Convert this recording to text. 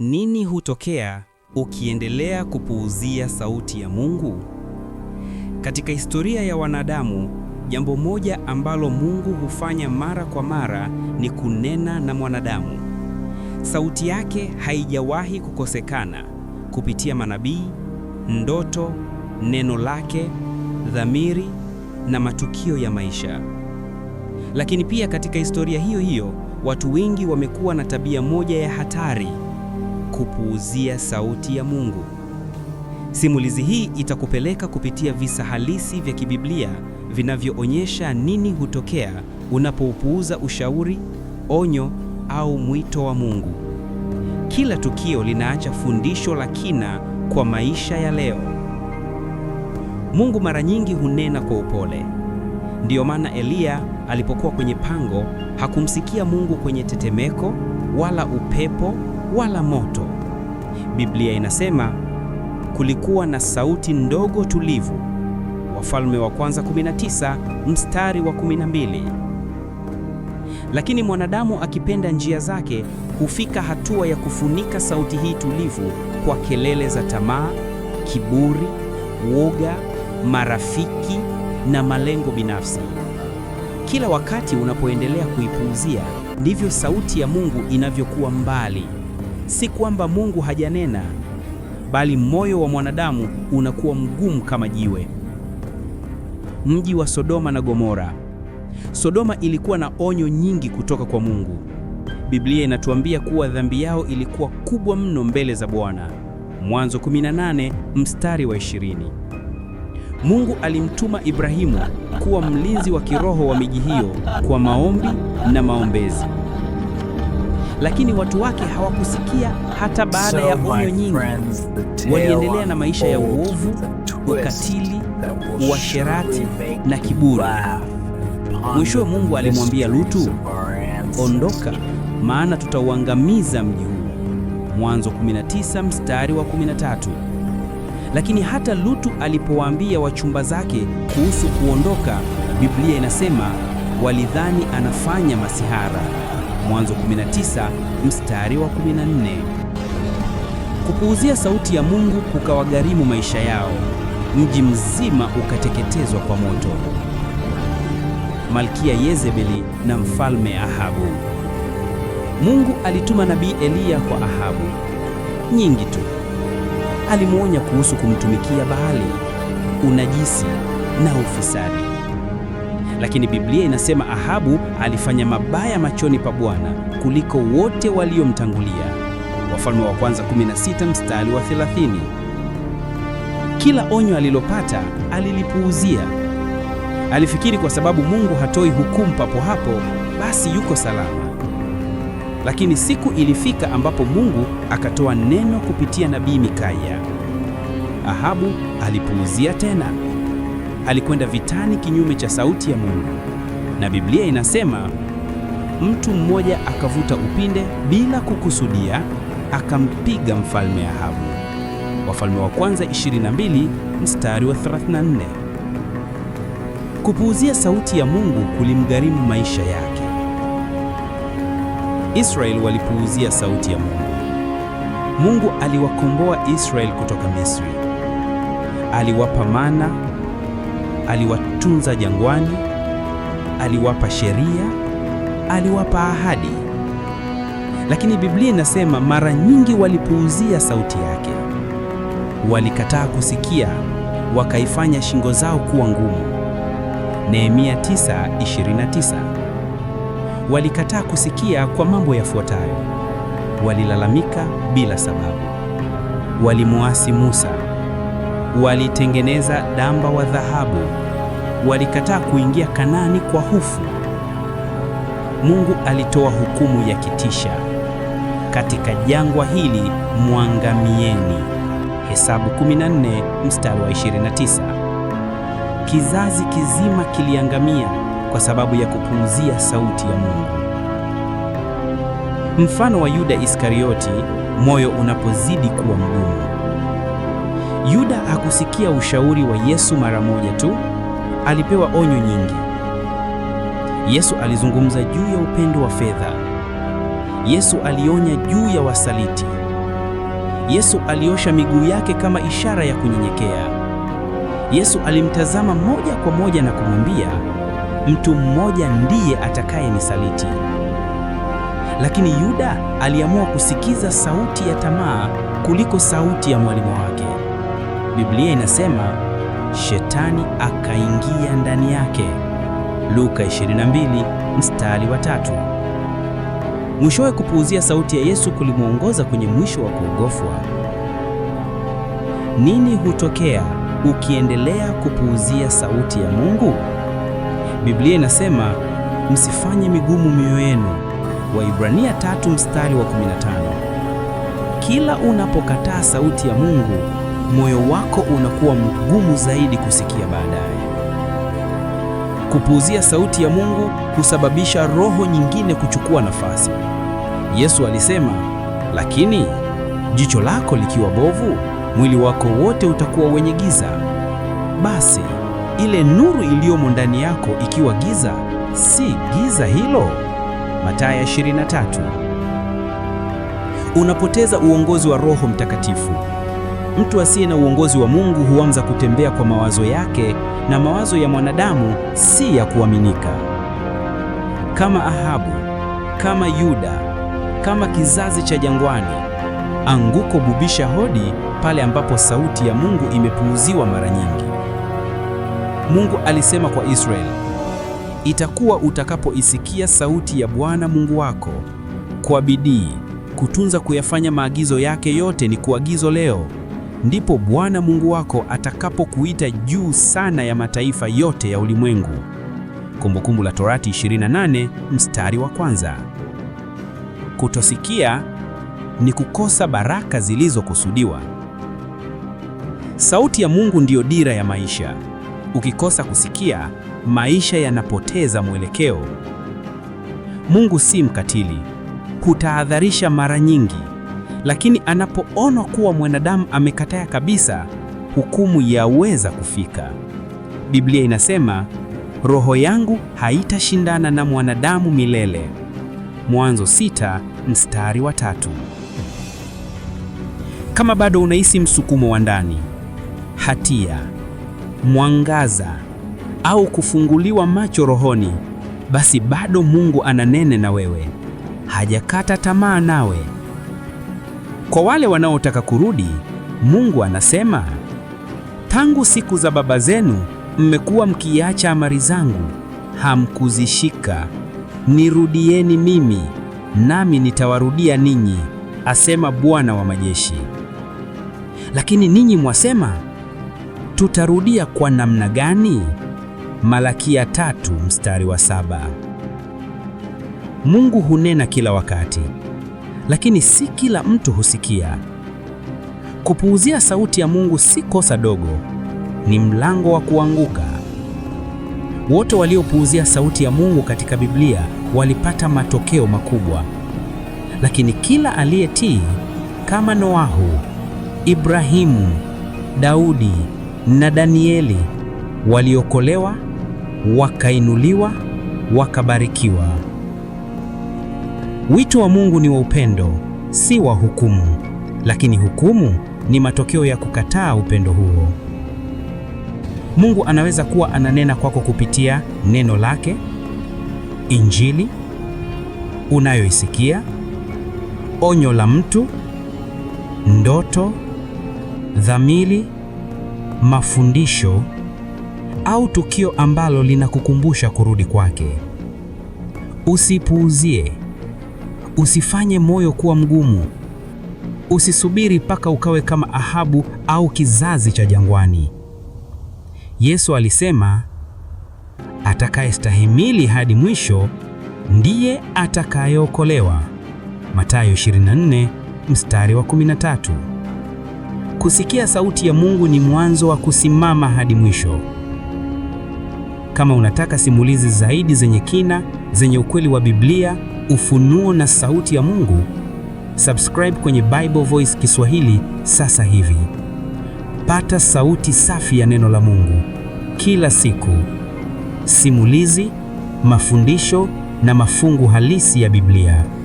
Nini hutokea ukiendelea kupuuzia sauti ya Mungu? Katika historia ya wanadamu, jambo moja ambalo Mungu hufanya mara kwa mara ni kunena na mwanadamu. Sauti yake haijawahi kukosekana kupitia manabii, ndoto, neno lake, dhamiri na matukio ya maisha. Lakini pia katika historia hiyo hiyo, watu wengi wamekuwa na tabia moja ya hatari kupuuzia sauti ya Mungu. Simulizi hii itakupeleka kupitia visa halisi vya kibiblia vinavyoonyesha nini hutokea unapoupuuza ushauri, onyo au mwito wa Mungu. Kila tukio linaacha fundisho la kina kwa maisha ya leo. Mungu mara nyingi hunena kwa upole. Ndiyo maana Eliya alipokuwa kwenye pango hakumsikia Mungu kwenye tetemeko wala upepo wala moto. Biblia inasema kulikuwa na sauti ndogo tulivu, Wafalme wa Kwanza 19 mstari wa 12. Lakini mwanadamu akipenda njia zake hufika hatua ya kufunika sauti hii tulivu kwa kelele za tamaa, kiburi, woga, marafiki na malengo binafsi. Kila wakati unapoendelea kuipuuzia, ndivyo sauti ya Mungu inavyokuwa mbali. Si kwamba Mungu hajanena, bali moyo wa mwanadamu unakuwa mgumu kama jiwe. Mji wa Sodoma na Gomora. Sodoma ilikuwa na onyo nyingi kutoka kwa Mungu. Biblia inatuambia kuwa dhambi yao ilikuwa kubwa mno mbele za Bwana. Mwanzo 18 mstari wa 20. Mungu alimtuma Ibrahimu kuwa mlinzi wa kiroho wa miji hiyo kwa maombi na maombezi lakini watu wake hawakusikia hata baada ya onyo nyingi. Waliendelea na maisha ya uovu, ukatili, uasherati na kiburi. Mwishowe Mungu alimwambia Lutu, ondoka, maana tutauangamiza mji huu. Mwanzo 19 mstari wa 13. Lakini hata Lutu alipowaambia wachumba zake kuhusu kuondoka, Biblia inasema walidhani anafanya masihara. Mwanzo 19 mstari wa 14. Kupuuzia sauti ya Mungu kukawagharimu maisha yao, mji mzima ukateketezwa kwa moto. Malkia Yezebeli na mfalme Ahabu. Mungu alituma nabii Eliya kwa Ahabu nyingi tu. Alimwonya kuhusu kumtumikia Baali, unajisi na ufisadi lakini Biblia inasema Ahabu alifanya mabaya machoni pa Bwana kuliko wote waliomtangulia. Wafalme wa Kwanza 16 mstari wa 30. Kila onyo alilopata alilipuuzia. Alifikiri kwa sababu Mungu hatoi hukumu papo hapo, basi yuko salama. Lakini siku ilifika ambapo Mungu akatoa neno kupitia nabii Mikaya. Ahabu alipuuzia tena alikwenda vitani kinyume cha sauti ya Mungu, na Biblia inasema mtu mmoja akavuta upinde bila kukusudia, akampiga mfalme Ahabu. Wafalme wa Kwanza 22 mstari wa 34. Kupuuzia sauti ya Mungu kulimgharimu maisha yake. israel walipuuzia sauti ya Mungu. Mungu aliwakomboa israel kutoka Misri, aliwapa mana aliwatunza jangwani, aliwapa sheria, aliwapa ahadi, lakini Biblia inasema mara nyingi walipuuzia sauti yake, walikataa kusikia, wakaifanya shingo zao kuwa ngumu. Nehemia 9:29. Walikataa kusikia kwa mambo yafuatayo: walilalamika bila sababu, walimuasi Musa, walitengeneza damba wa dhahabu, walikataa kuingia Kanaani kwa hofu. Mungu alitoa hukumu ya kitisha, katika jangwa hili mwangamieni. Hesabu 14 mstari wa 29. Kizazi kizima kiliangamia kwa sababu ya kupuuzia sauti ya Mungu. Mfano wa Yuda Iskarioti, moyo unapozidi kuwa mgumu. Yuda hakusikia ushauri wa Yesu mara moja tu, alipewa onyo nyingi. Yesu alizungumza juu ya upendo wa fedha. Yesu alionya juu ya wasaliti. Yesu aliosha miguu yake kama ishara ya kunyenyekea. Yesu alimtazama moja kwa moja na kumwambia, mtu mmoja ndiye atakayenisaliti. Lakini Yuda aliamua kusikiza sauti ya tamaa kuliko sauti ya mwalimu wake. Biblia inasema shetani akaingia ndani yake, Luka 22 mstari wa tatu. Mwishowe kupuuzia sauti ya Yesu kulimwongoza kwenye mwisho wa kuogofwa. Nini hutokea ukiendelea kupuuzia sauti ya Mungu? Biblia inasema msifanye migumu mioyo yenu, Waibrania 3 mstari wa 15. Kila unapokataa sauti ya Mungu moyo wako unakuwa mgumu zaidi kusikia baadaye. Kupuuzia sauti ya Mungu husababisha roho nyingine kuchukua nafasi. Yesu alisema, lakini jicho lako likiwa bovu, mwili wako wote utakuwa wenye giza. Basi ile nuru iliyomo ndani yako ikiwa giza, si giza hilo. Mathayo 23. Unapoteza uongozi wa Roho Mtakatifu. Mtu asiye na uongozi wa Mungu huanza kutembea kwa mawazo yake, na mawazo ya mwanadamu si ya kuaminika. Kama Ahabu, kama Yuda, kama kizazi cha jangwani, anguko bubisha hodi pale ambapo sauti ya Mungu imepuuziwa mara nyingi. Mungu alisema kwa Israeli, itakuwa utakapoisikia sauti ya Bwana Mungu wako kwa bidii kutunza kuyafanya maagizo yake yote ni kuagizo leo ndipo Bwana Mungu wako atakapokuita juu sana ya mataifa yote ya ulimwengu. Kumbukumbu la Torati 28 mstari wa kwanza. Kutosikia ni kukosa baraka zilizokusudiwa. Sauti ya Mungu ndiyo dira ya maisha. Ukikosa kusikia, maisha yanapoteza mwelekeo. Mungu si mkatili, hutahadharisha mara nyingi lakini anapoona kuwa mwanadamu amekataa kabisa, hukumu yaweza kufika. Biblia inasema, roho yangu haitashindana na mwanadamu milele. Mwanzo sita mstari wa tatu. Kama bado unahisi msukumo wa ndani, hatia, mwangaza au kufunguliwa macho rohoni, basi bado Mungu ananene na wewe. Hajakata tamaa nawe. Kwa wale wanaotaka kurudi, Mungu anasema, tangu siku za baba zenu mmekuwa mkiacha amri zangu, hamkuzishika. Nirudieni mimi, nami nitawarudia ninyi, asema Bwana wa majeshi. Lakini ninyi mwasema, tutarudia kwa namna gani? Malakia tatu mstari wa saba. Mungu hunena kila wakati lakini si kila mtu husikia. Kupuuzia sauti ya Mungu si kosa dogo, ni mlango wa kuanguka. Wote waliopuuzia sauti ya Mungu katika Biblia walipata matokeo makubwa, lakini kila aliyetii kama Noahu, Ibrahimu, Daudi na Danieli waliokolewa, wakainuliwa, wakabarikiwa. Wito wa Mungu ni wa upendo, si wa hukumu, lakini hukumu ni matokeo ya kukataa upendo huo. Mungu anaweza kuwa ananena kwako kupitia neno lake, injili unayoisikia, onyo la mtu, ndoto, dhamiri, mafundisho au tukio ambalo linakukumbusha kurudi kwake. Usipuuzie. Usifanye moyo kuwa mgumu. Usisubiri mpaka ukawe kama Ahabu au kizazi cha jangwani. Yesu alisema, atakayestahimili hadi mwisho ndiye atakayeokolewa. Mathayo 24 mstari wa 13. Kusikia sauti ya Mungu ni mwanzo wa kusimama hadi mwisho. Kama unataka simulizi zaidi zenye kina, zenye ukweli wa Biblia ufunuo na sauti ya Mungu, subscribe kwenye Bible Voice Kiswahili sasa hivi. Pata sauti safi ya neno la Mungu kila siku, simulizi, mafundisho na mafungu halisi ya Biblia.